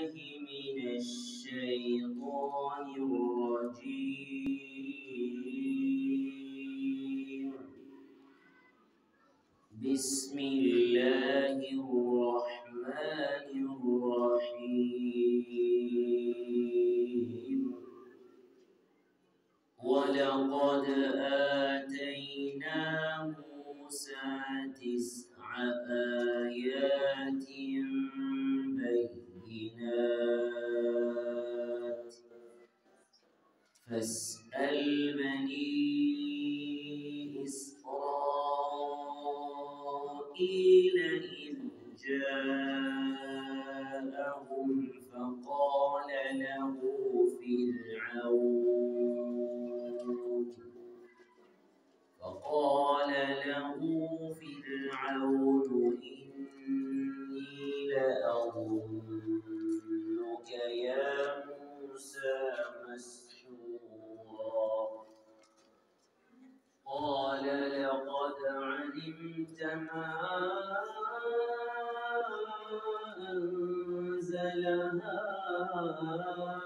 الله من الشيطان الرجيم بسم الله الرحمن الرحيم ولقد آتيناك فاسأل بني إسرائيل إذ جاءهم فقال له فرعون فقال له لقد علمت ما أنزل هؤلاء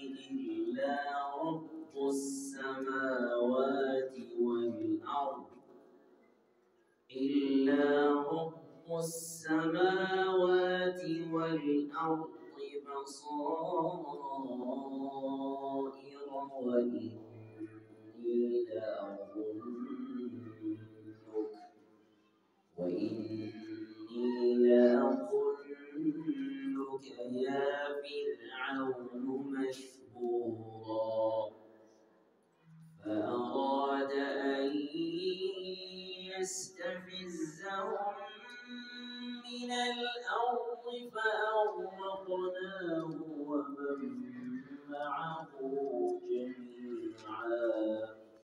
إلا رب السماوات والأرض إلا رب السماوات والأرض بصائر وإن إلا ظنك وإني لأظنك يا فرعون مشكورا فأراد أن يستفزهم من الأرض فأغرقناه ومن معه